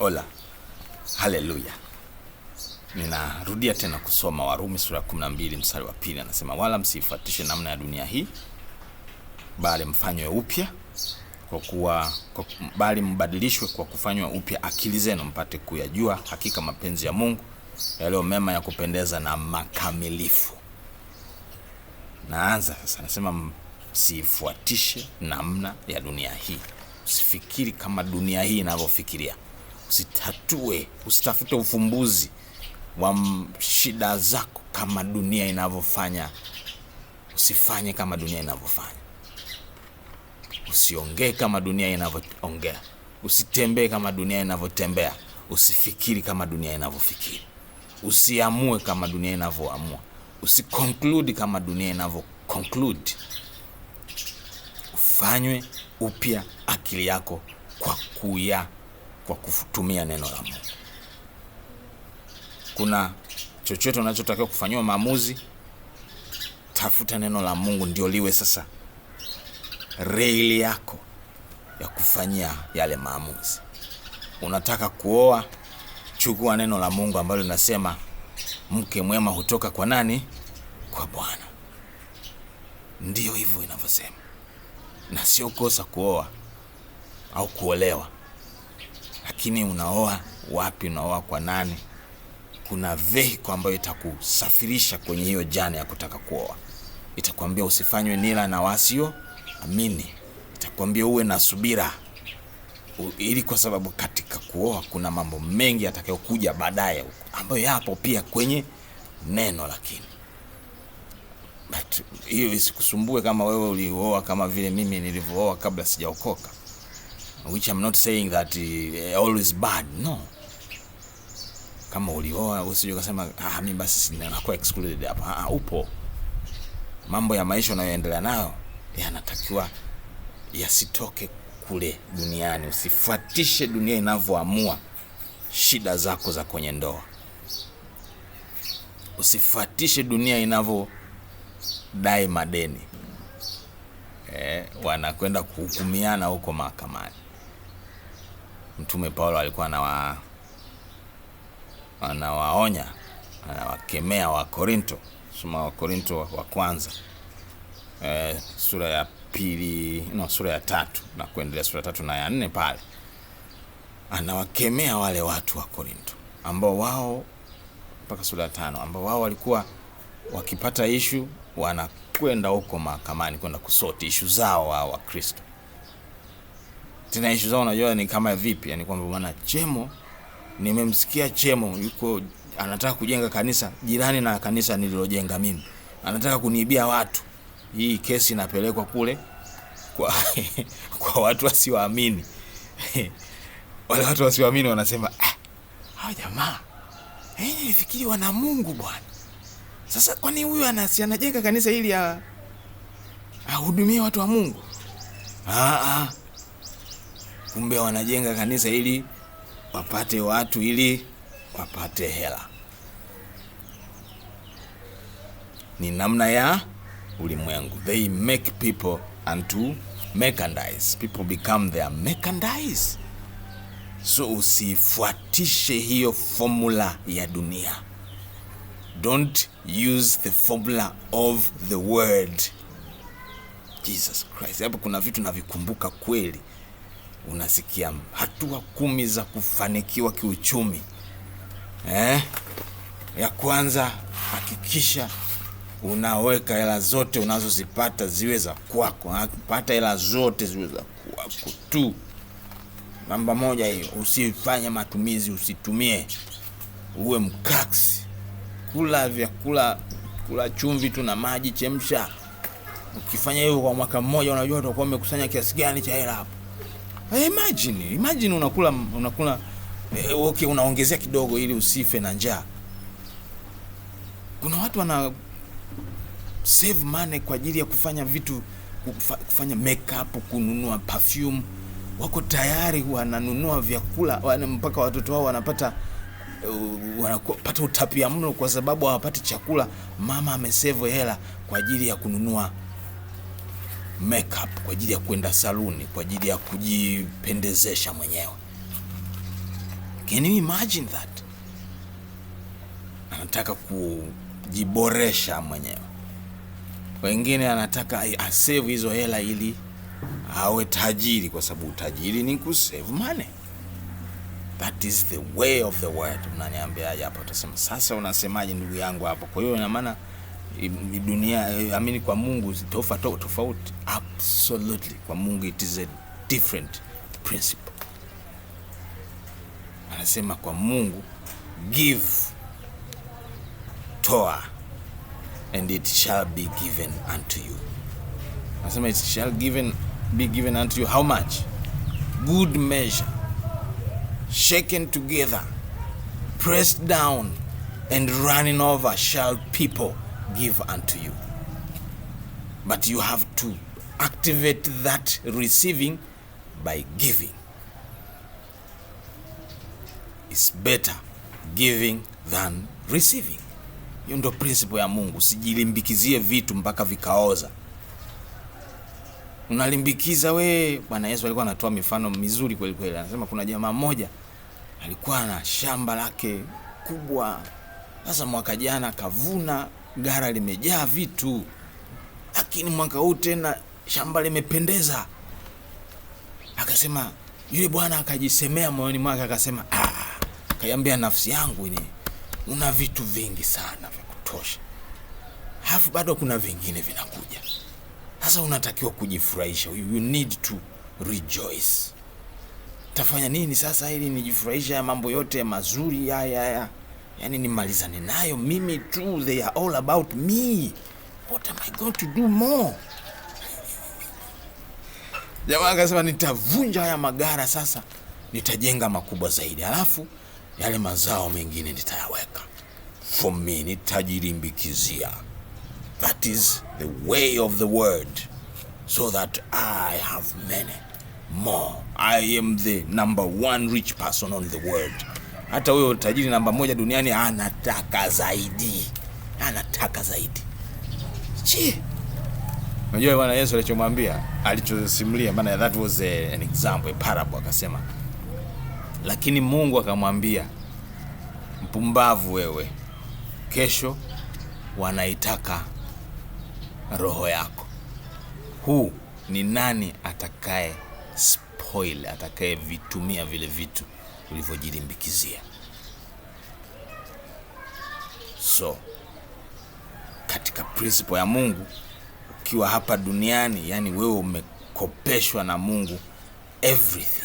Ola. Haleluya. Ninarudia tena kusoma Warumi sura ya 12 mstari wa pili, anasema wala msifuatishe namna ya dunia hii, bali mfanywe upya kwa kuwa kwa, bali mbadilishwe kwa kufanywa upya akili zenu, mpate kuyajua hakika mapenzi ya Mungu yaliyo mema, ya kupendeza na makamilifu. Naanza sasa, anasema msifuatishe namna ya dunia hii. Usifikiri kama dunia hii inavyofikiria usitatue, usitafute ufumbuzi wa shida zako kama dunia inavyofanya. Usifanye kama dunia inavyofanya, usiongee kama dunia inavyoongea, usitembee kama dunia inavyotembea, usifikiri kama dunia inavyofikiri, usiamue kama dunia inavyoamua, usiconclude kama dunia inavyoconclude. Ufanywe upya akili yako kwa kuya kwa kutumia neno la Mungu. Kuna chochote unachotakiwa kufanyiwa maamuzi, tafuta neno la Mungu ndio liwe sasa reili yako ya kufanyia yale maamuzi. Unataka kuoa, chukua neno la Mungu ambalo linasema mke mwema hutoka kwa nani? Kwa Bwana. Ndiyo hivyo inavyosema, na sio kosa kuoa au kuolewa lakini unaoa wapi? Unaoa kwa nani? Kuna vehicle ambayo itakusafirisha kwenye hiyo jana ya kutaka kuoa. Itakwambia usifanywe nila na wasio amini, itakwambia uwe na subira U, ili kwa sababu katika kuoa kuna mambo mengi yatakayokuja baadaye ambayo yapo pia kwenye neno, lakini hiyo isikusumbue kama wewe ulioa kama vile mimi nilivyooa kabla sijaokoka which I'm not saying that uh, always bad no. Kama ulioa usije ukasema ah, mimi basi ninakuwa excluded hapa. Ah, ah, upo mambo ya maisha unayoendelea nayo yanatakiwa yasitoke kule duniani. Usifuatishe dunia inavyoamua shida zako za kwenye ndoa, usifuatishe dunia inavyodai madeni. Eh, wanakwenda kuhukumiana huko mahakamani. Mtume Paulo alikuwa anawa anawaonya anawakemea Wakorinto. Soma Wakorinto wa kwanza e, sura ya pili no, sura ya tatu na kuendelea, sura ya tatu na ya nne pale anawakemea wale watu wa Korinto ambao wao mpaka sura ya tano ambao wao walikuwa wakipata ishu wanakwenda huko mahakamani kwenda kusoti ishu zao wao wa Kristo tena issue zao unajua ni kama vipi, yani kwamba bwana Chemo, nimemsikia Chemo yuko anataka kujenga kanisa jirani na kanisa nililojenga mimi, anataka kuniibia watu. Hii kesi inapelekwa kule kwa kwa watu wasioamini wale watu wasioamini wanasema ah, hawa jamaa eh, nilifikiri wana Mungu bwana. Sasa kwani huyu anasi anajenga kanisa ili ahudumie watu wa Mungu? ah, ah. Kumbe wanajenga kanisa ili wapate watu, ili wapate hela. Ni namna ya ulimwengu. They make people unto merchandise, people become their merchandise. So usifuatishe hiyo formula ya dunia. Don't use the formula of the word Jesus Christ. Hapa kuna vitu navikumbuka kweli unasikia hatua kumi za kufanikiwa kiuchumi eh? Ya kwanza, hakikisha unaweka hela zote unazozipata ziwe za kwako, pata hela zote ziwe za kwako tu. Namba moja hiyo, usifanye matumizi, usitumie, uwe mkaksi, kula vyakula, kula chumvi tu na maji, chemsha. Ukifanya hivyo kwa mwaka mmoja, unajua utakuwa umekusanya kiasi gani cha hela hapo. Hey, eh, imagine, imagine unakula unakula eh, okay, unaongezea kidogo ili usife na njaa. Kuna watu wana save money kwa ajili ya kufanya vitu kufanya makeup, kununua perfume, wako tayari wananunua vyakula wana, mpaka watoto wao wanapata eh, wanapata utapia mlo kwa sababu hawapati chakula. Mama amesevu hela kwa ajili ya kununua makeup, kwa ajili ya kwenda saluni, kwa ajili ya kujipendezesha mwenyewe. Can you imagine that? Anataka kujiboresha mwenyewe. Wengine anataka asave hizo hela ili awe tajiri, kwa sababu utajiri ni kusave money. That is the way of the world. Unaniambiaje hapa? Utasema sasa, unasemaje ndugu yangu hapo? Kwa hiyo ina maana dunia amini, kwa Mungu tofa tofauti absolutely. Kwa Mungu it is a different principle. Anasema kwa Mungu give, toa and it shall be given unto you. Anasema it shall given, be given unto you how much? Good measure shaken together pressed down and running over shall people give unto you. But you have to activate that receiving by giving. It's better giving than receiving. Hiyo ndio principle ya Mungu. Sijilimbikizie vitu mpaka vikaoza. Unalimbikiza we. Bwana Yesu alikuwa anatoa mifano mizuri kweli kweli. Anasema kuna jamaa mmoja alikuwa na shamba lake kubwa. Sasa mwaka jana akavuna gara limejaa vitu, lakini mwaka huu tena shamba limependeza. Akasema yule bwana akajisemea moyoni mwake, akasema ah, kaiambia nafsi yangu ni una vitu vingi sana vya kutosha, halafu bado kuna vingine vinakuja. Sasa unatakiwa kujifurahisha, you need to rejoice. Tafanya nini sasa ili nijifurahisha ya mambo yote mazuri haya haya yani nimalizane nayo mimi tu, they are all about me. What am I going to do more? Jamaa akasema nitavunja haya magara sasa, nitajenga makubwa zaidi, alafu yale mazao mengine nitayaweka for me, nitajirimbikizia. That is the way of the world, so that I have many more. I am the number one rich person on the world hata huyo tajiri namba moja duniani anataka zaidi, anataka zaidi. Chi, unajua Bwana Yesu alichomwambia, alichosimulia, maana that was a, an example, a parable. Akasema, lakini Mungu akamwambia, mpumbavu wewe, kesho wanaitaka roho yako. Huu ni nani atakaye spoil, atakaye vitumia vile vitu ulivyojilimbikizia. So katika prinsipo ya Mungu, ukiwa hapa duniani, yani wewe umekopeshwa na Mungu everything.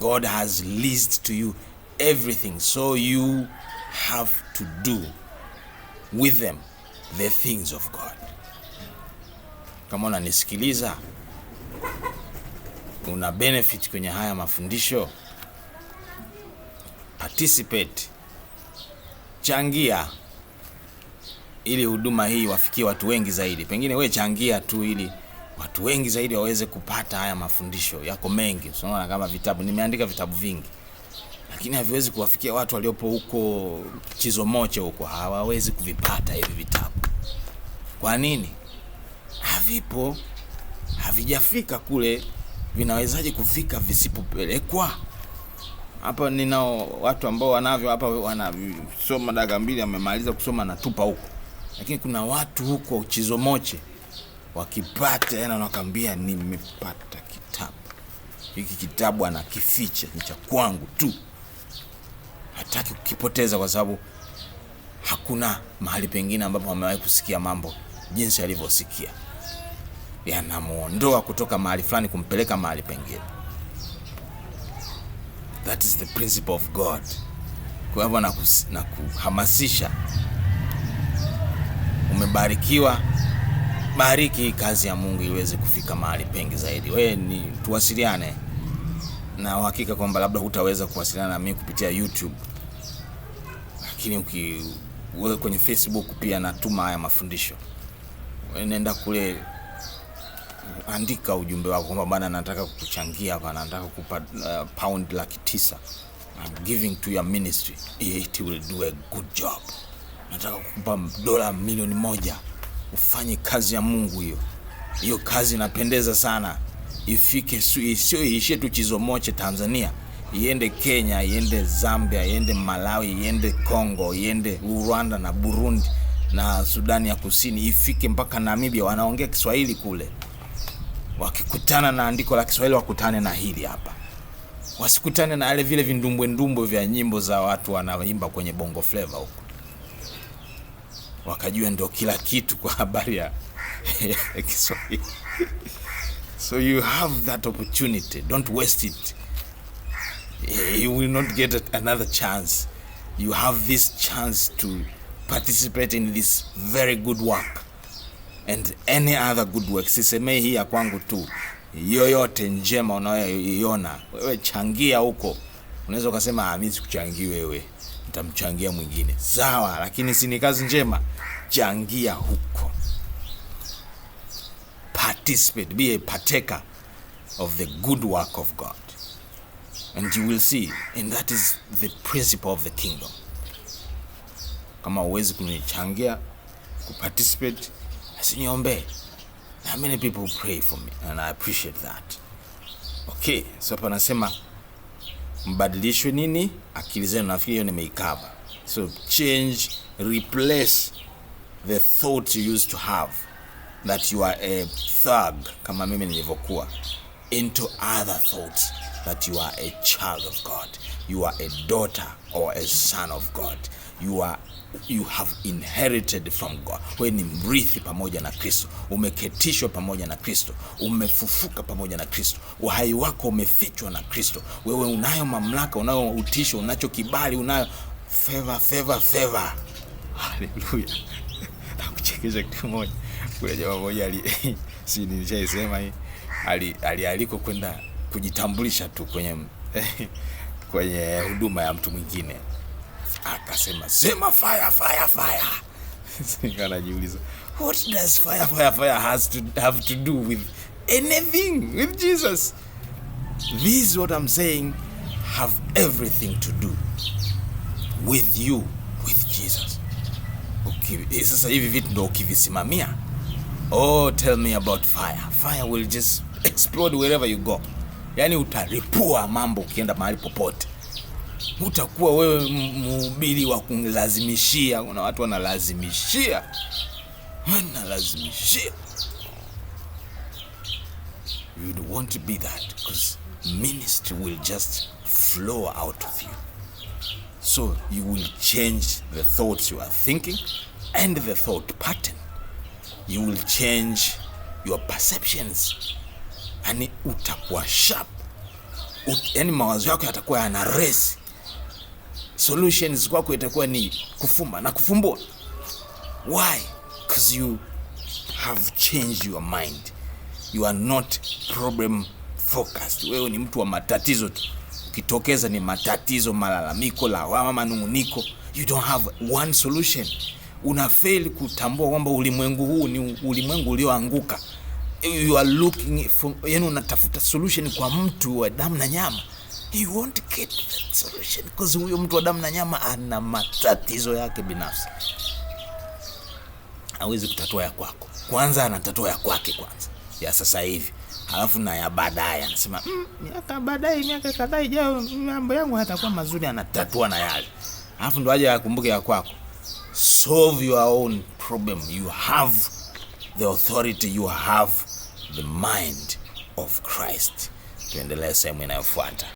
God has leased to you everything, so you have to do with them the things of God. Kama unanisikiliza, una benefit kwenye haya mafundisho participate, changia ili huduma hii wafikie watu wengi zaidi. Pengine we changia tu ili watu wengi zaidi waweze kupata haya mafundisho yako mengi. Unaona, kama vitabu, nimeandika vitabu vingi, lakini haviwezi kuwafikia watu waliopo huko Chizomoche, huko hawawezi kuvipata hivi vitabu. Kwa nini? Havipo, havijafika kule. Vinawezaje kufika visipopelekwa? hapa ninao watu ambao wanavyo hapa, wanasoma daga mbili, amemaliza kusoma natupa huko, lakini kuna watu huko Chizomoche wakipata yana, wanakwambia nimepata kitabu hiki, kitabu anakificha ni cha kwangu tu, hataki kukipoteza kwa sababu hakuna mahali pengine ambapo amewahi kusikia mambo jinsi alivyosikia, yanamwondoa kutoka mahali fulani kumpeleka mahali pengine. That is the principle of God. Kwa hivyo na kuhamasisha, umebarikiwa, bariki kazi ya Mungu iweze kufika mahali pengi zaidi. Wewe ni tuwasiliane, na uhakika kwamba labda hutaweza kuwasiliana na mimi kupitia YouTube, lakini ukiweka kwenye Facebook pia natuma haya mafundisho, nenda kule Uh, andika ujumbe wako kwamba bana, nataka kukuchangia hapa, nataka kukupa uh, pound laki tisa I'm giving to your ministry, it will do a good job. Nataka kukupa dola milioni moja ufanye kazi ya Mungu. Hiyo hiyo kazi inapendeza sana, ifike, sio iishie tu Chizomoche Tanzania, iende Kenya, iende Zambia, iende Malawi, iende Congo, iende Rwanda na Burundi na Sudani ya Kusini, ifike mpaka Namibia, wanaongea Kiswahili kule wakikutana na andiko la Kiswahili wakutane na hili hapa, wasikutane na yale vile vindumbwendumbwe vya nyimbo za watu wanaimba kwenye bongo flava huko, wakajua ndio kila kitu kwa habari ya Kiswahili. So you have that opportunity, don't waste it. You will not get another chance. You have this chance to participate in this very good work and any other good work. Sisemei hii ya kwangu tu, yoyote njema unayoiona wewe changia huko. Unaweza ukasema ah, mimi sikuchangii wewe, nitamchangia mwingine, sawa, lakini si ni kazi njema? Changia huko, participate, be a partaker of the good work of God and you will see and that is the principle of the kingdom. Kama huwezi kunichangia kuparticipate asiniombee. How many people pray for me and I appreciate that. Okay, so hapa nasema mbadilishwe nini akili zenu, nafikiri hiyo nimeikava. So change, replace the thought you used to have that you are a thug kama mimi nilivyokuwa into other thoughts that you are a child of God, you are a daughter or a son of God you are you have inherited from God. Wewe ni mrithi pamoja na Kristo, umeketishwa pamoja na Kristo, umefufuka pamoja na Kristo, uhai wako umefichwa na Kristo. Wewe unayo mamlaka, unayo utisho, unacho kibali, unayo favor, favor, favor. Haleluya! Nakuchekesha kitu kimoja, kuna jamaa moja ali si nilishaisema hii, alialikwa kwenda kujitambulisha tu kwenye kwenye huduma ya mtu mwingine anasema sema fire fire fire. Anajiuliza what does fire fire fire has to have to do with anything with Jesus? This what I'm saying have everything to do with you with Jesus. Okay, eh, sasa hivi vitu ndo ukivisimamia. Oh, tell me about fire. Fire will just explode wherever you go. Yaani utaripua mambo ukienda mahali popote hutakuwa wewe mhubiri wa kulazimishia Kuna watu wanalazimishia, wanalazimishia. You don't want be that because ministry will just flow out of you so you will change the thoughts you are thinking and the thought pattern you will change your perceptions yani utakuwa sharp yani mawazo yako yatakuwa yana resi solutions kwako itakuwa ni kufumba na kufumbua. Why? Because you have changed your mind. You are not problem focused. Wewe ni mtu wa matatizo tu, ukitokeza ni matatizo, malalamiko, lawama, manunguniko. You don't have one solution. Unafeli kutambua kwamba ulimwengu huu ni ulimwengu ulioanguka. You are looking for, yani unatafuta solution kwa mtu wa damu na nyama you won't get that solution because huyo mtu wa damu na nyama ana matatizo yake binafsi, hawezi kutatua ya kwako kwanza, anatatua ya kwake kwanza ya sasa hivi, halafu na ya baadaye. Anasema mm, miaka baadaye, miaka kadhaa ijayo, mambo yangu hatakuwa mazuri. Anatatua na yale, halafu ndo aje akumbuke ya kwako. Solve your own problem, you have the authority, you have the mind of Christ. Tuendelee sehemu inayofuata.